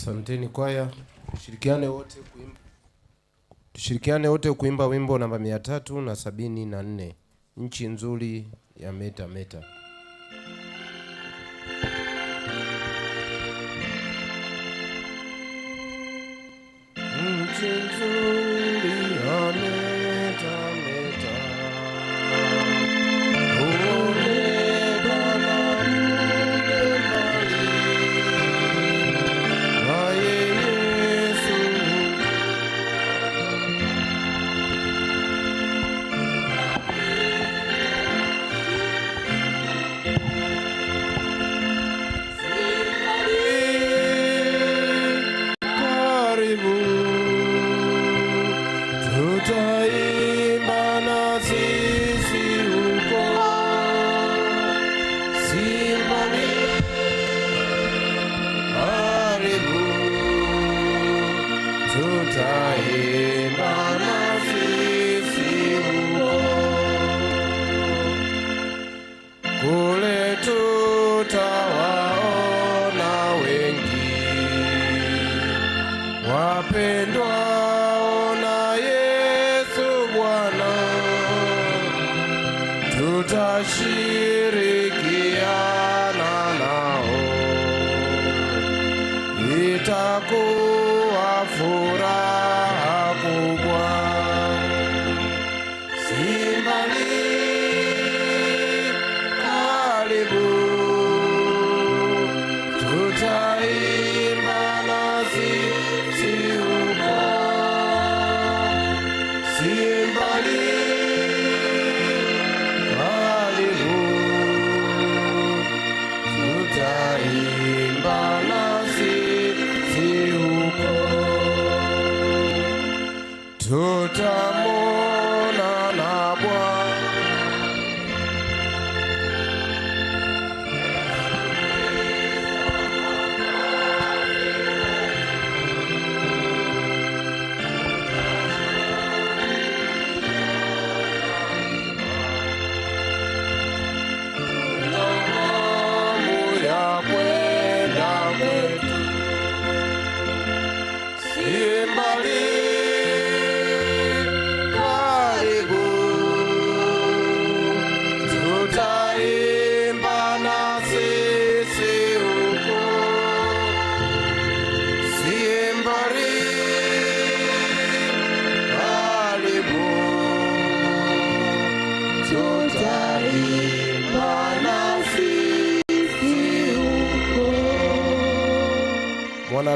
Asanteni kwaya, tushirikiane wote kuimba, tushirikiane wote kuimba wimbo namba mia tatu na sabini na nne nchi nzuri ya metameta meta. itakuwa furaha.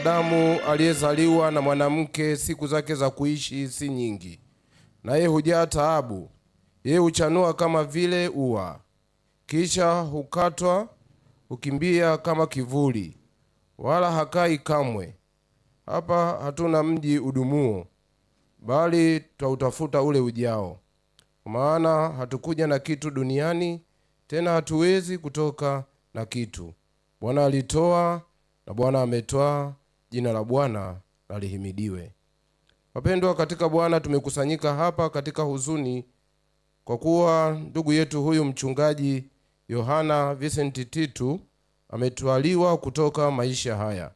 mwanadamu aliyezaliwa na mwanamke siku zake za kuishi si nyingi, yeye hujaa taabu. Yeye huchanua kama vile ua, kisha hukatwa, hukimbia kama kivuli, wala hakai kamwe. Hapa hatuna mji udumuo, bali twautafuta ule ujao. Kwa maana hatukuja na kitu duniani, tena hatuwezi kutoka na kitu. Bwana alitoa na Bwana ametwaa. Jina la Bwana lalihimidiwe. Wapendwa katika Bwana, tumekusanyika hapa katika huzuni kwa kuwa ndugu yetu huyu mchungaji Yohana Vincent Titu ametwaliwa kutoka maisha haya.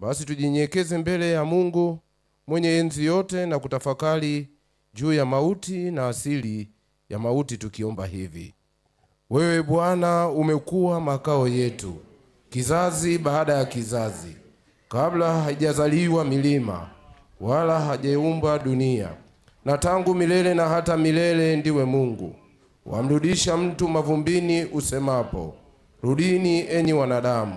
Basi tujinyekeze mbele ya Mungu mwenye enzi yote na kutafakari juu ya mauti na asili ya mauti, tukiomba hivi: wewe Bwana umekuwa makao yetu kizazi baada ya kizazi kabla haijazaliwa milima wala hajeumba dunia, na tangu milele na hata milele ndiwe Mungu. Wamrudisha mtu mavumbini usemapo, rudini enyi wanadamu,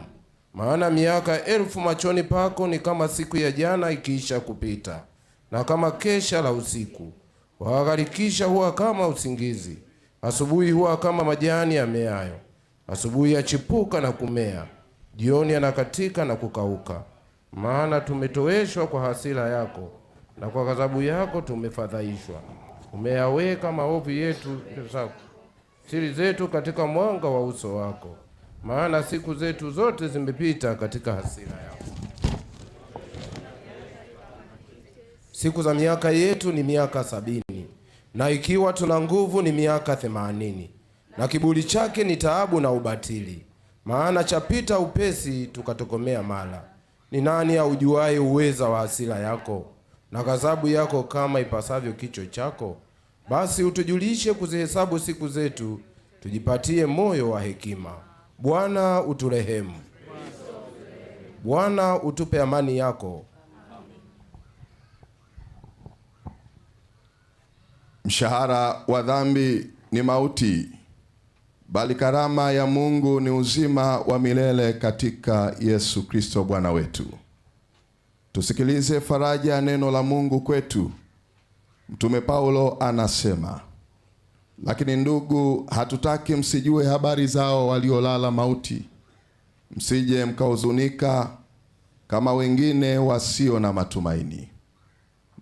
maana miaka elfu machoni pako ni kama siku ya jana ikiisha kupita, na kama kesha la usiku. Wagharikisha huwa kama usingizi, asubuhi huwa kama majani yameayo. Asubuhi yachipuka na kumea, jioni yanakatika na kukauka maana tumetoweshwa kwa hasira yako na kwa ghadhabu yako tumefadhaishwa. Umeyaweka maovu yetu siri zetu katika mwanga wa uso wako, maana siku zetu zote zimepita katika hasira yako. Siku za miaka yetu ni miaka sabini, na ikiwa tuna nguvu ni miaka themanini, na kiburi chake ni taabu na ubatili, maana chapita upesi tukatokomea mara ni nani aujuaye uweza wa hasira yako na ghadhabu yako kama ipasavyo kicho chako? Basi utujulishe kuzihesabu siku zetu, tujipatie moyo wa hekima. Bwana uturehemu. Bwana utupe amani yako. Mshahara wa dhambi ni mauti, bali karama ya Mungu ni uzima wa milele katika Yesu Kristo Bwana wetu. Tusikilize faraja ya neno la Mungu kwetu. Mtume Paulo anasema, lakini ndugu, hatutaki msijue habari zao waliolala mauti, msije mkahuzunika kama wengine wasio na matumaini.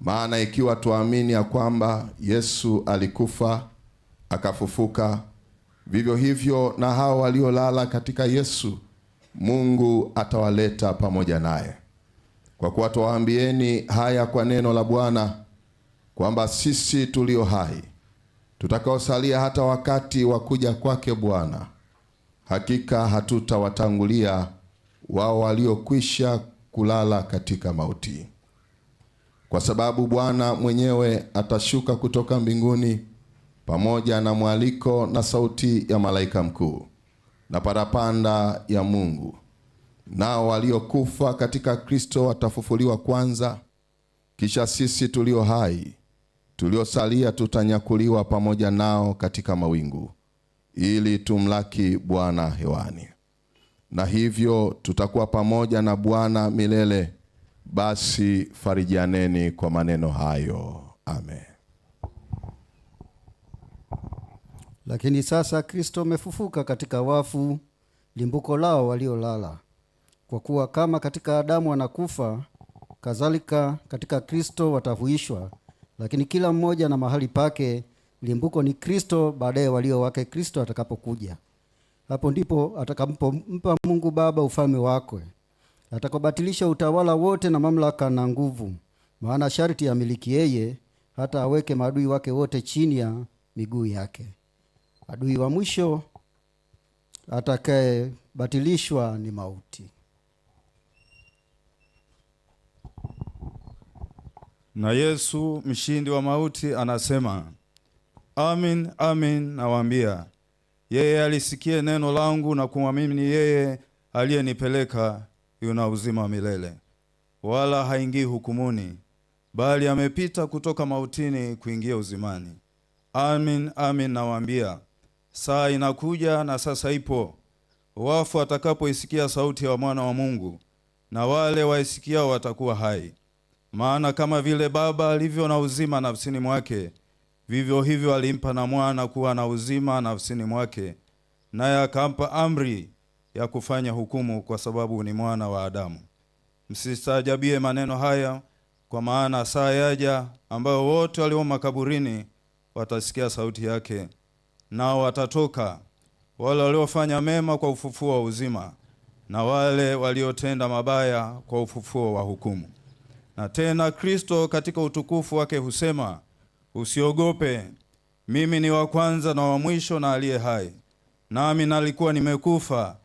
Maana ikiwa tuamini ya kwamba Yesu alikufa akafufuka Vivyo hivyo na hao waliolala katika Yesu, Mungu atawaleta pamoja naye. Kwa kuwa twawaambieni haya kwa neno la Bwana, kwamba sisi tulio hai tutakaosalia hata wakati wa kuja kwake Bwana, hakika hatutawatangulia wao waliokwisha kulala katika mauti, kwa sababu Bwana mwenyewe atashuka kutoka mbinguni pamoja na mwaliko na sauti ya malaika mkuu na parapanda ya Mungu. Nao waliokufa katika Kristo watafufuliwa kwanza, kisha sisi tulio hai tuliosalia tutanyakuliwa pamoja nao katika mawingu, ili tumlaki Bwana hewani, na hivyo tutakuwa pamoja na Bwana milele. Basi farijianeni kwa maneno hayo. Amen. Lakini sasa Kristo amefufuka katika wafu, limbuko lao waliolala. Kwa kuwa kama katika Adamu wanakufa, kadhalika katika Kristo watahuishwa. Lakini kila mmoja na mahali pake, limbuko ni Kristo, baadaye walio wake Kristo atakapokuja. Hapo ndipo atakapompa Mungu Baba ufalme wakwe atakobatilisha utawala wote na mamlaka na nguvu, maana sharti amiliki yeye, hata aweke maadui wake wote chini ya miguu yake. Adui wa mwisho atakayebatilishwa ni mauti. Na Yesu mshindi wa mauti anasema, amin amin nawaambia, yeye alisikie neno langu na kumwamini yeye aliyenipeleka yuna uzima wa milele, wala haingii hukumuni, bali amepita kutoka mautini kuingia uzimani. Amin amin nawaambia saa inakuja na sasa ipo, wafu watakapoisikia sauti ya mwana wa Mungu, na wale waisikiao watakuwa hai. Maana kama vile Baba alivyo na uzima nafsini mwake, vivyo hivyo alimpa na mwana kuwa na uzima nafsini mwake, naye akampa amri ya kufanya hukumu, kwa sababu ni mwana wa Adamu. Msistaajabie maneno haya, kwa maana saa yaja ambayo wote walio makaburini watasikia sauti yake nao watatoka, wale waliofanya mema kwa ufufuo wa uzima, na wale waliotenda mabaya kwa ufufuo wa hukumu. Na tena Kristo katika utukufu wake husema, usiogope, mimi ni wa kwanza na wa mwisho na aliye hai. Nami nalikuwa nimekufa,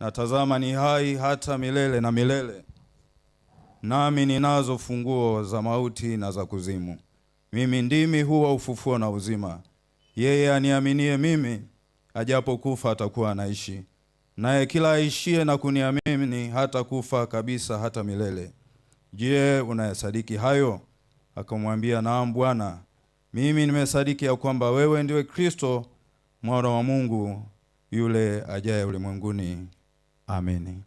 na tazama ni hai hata milele na milele, nami ninazo funguo za mauti na za kuzimu. Mimi ndimi huwa ufufuo na uzima. Yeye aniaminie mimi, ajapo kufa atakuwa anaishi, naye kila aishie na kuniamini hata kufa kabisa hata milele. Je, unayasadiki hayo? Akamwambia, naam Bwana, mimi nimesadiki ya kwamba wewe ndiwe Kristo mwana wa Mungu yule ajaye ulimwenguni. Amini.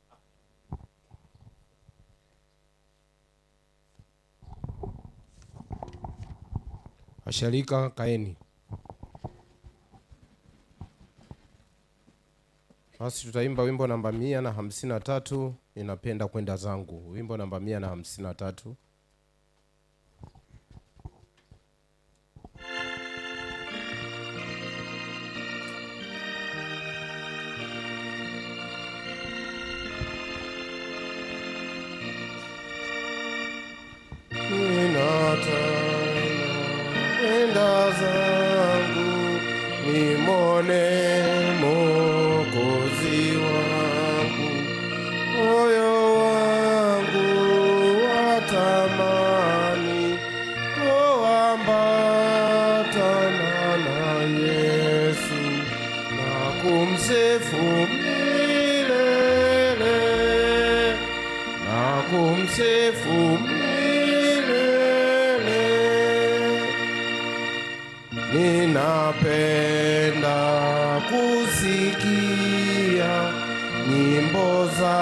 Washirika, kaeni. Basi tutaimba wimbo namba mia na hamsini na tatu, ninapenda kwenda zangu, wimbo namba mia na hamsini na tatu. kumsifu milele, na kumsifu milele. Ninapenda kusikia nyimbo za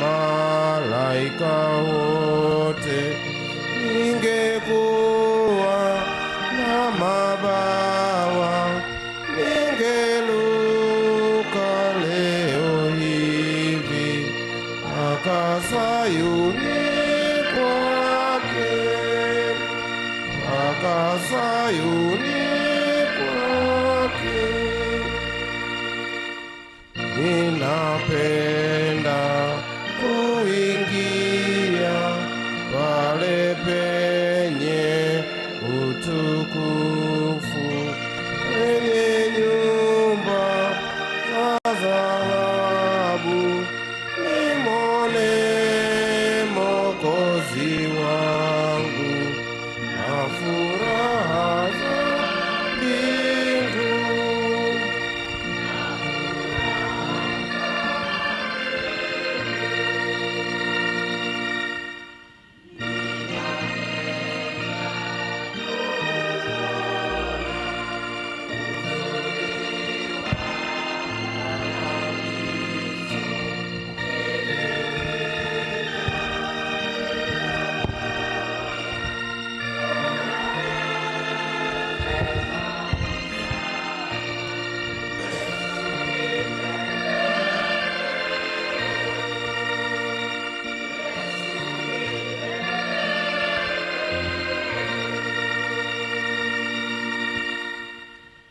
malaika wote, ningekuwa na mabaya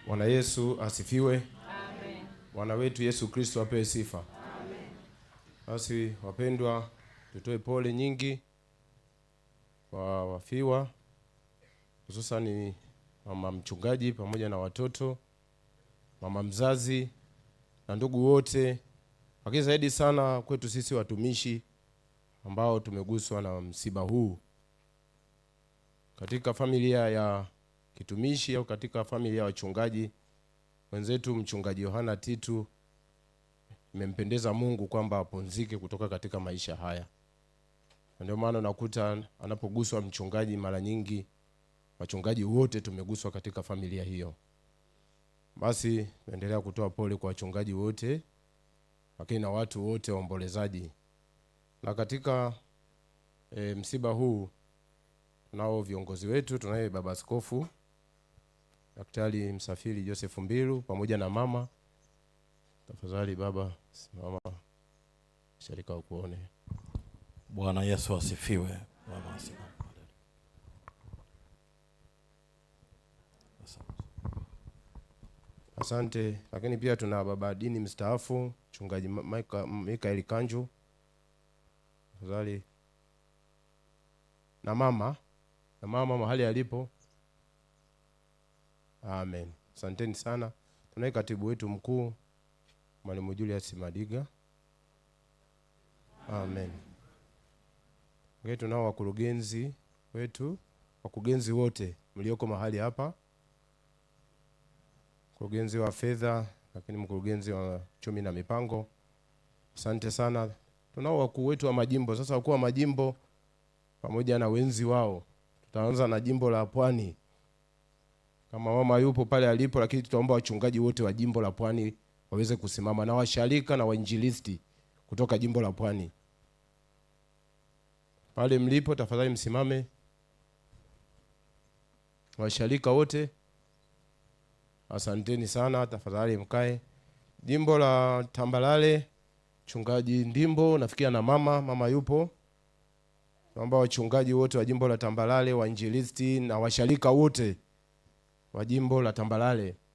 Bwana Yesu asifiwe. Amen. Bwana wetu Yesu Kristo apewe sifa. Basi wapendwa, tutoe pole nyingi kwa wafiwa hususani mama mchungaji pamoja na watoto, mama mzazi na ndugu wote, lakini zaidi sana kwetu sisi watumishi ambao tumeguswa na msiba huu katika familia ya kitumishi au katika familia ya wachungaji wenzetu mchungaji Yohana Titu, imempendeza Mungu kwamba apunzike kutoka katika maisha haya. Ndio maana unakuta anapoguswa mchungaji, mara nyingi wachungaji wote tumeguswa katika familia hiyo. Basi naendelea kutoa pole kwa wachungaji wote, lakini na watu wote waombolezaji. Na katika e, msiba huu tunao viongozi wetu, tunaye baba skofu Daktari Msafiri Joseph Mbilu pamoja na mama. Tafadhali baba, simama sharika ukuone. Bwana Yesu asifiwe. Mama simama. Asante. Lakini pia tuna baba dini mstaafu mchungaji Mikaeli Kanju, tafadhali na mama na mama mahali alipo Amen. Asanteni sana. Tunaye katibu wetu mkuu Mwalimu Julius Madiga. Amen. Okay, tunao wakurugenzi wetu, wakurugenzi wote mlioko mahali hapa, mkurugenzi wa fedha, lakini mkurugenzi wa chumi na mipango, asante sana. Tunao wakuu wetu wa majimbo. Sasa wakuu wa majimbo pamoja na wenzi wao, tutaanza na jimbo la Pwani kama mama yupo pale alipo, lakini tutaomba wachungaji wote wa jimbo la Pwani waweze kusimama na washarika na wainjilisti kutoka jimbo la Pwani. Pale mlipo, tafadhali msimame, washarika wote. Asanteni sana, tafadhali mkae. Jimbo la Tambalale, chungaji Ndimbo nafikia na mama mama yupo naomba wachungaji wote wa jimbo la Tambalale, wainjilisti na washarika wote wa jimbo la Tambalale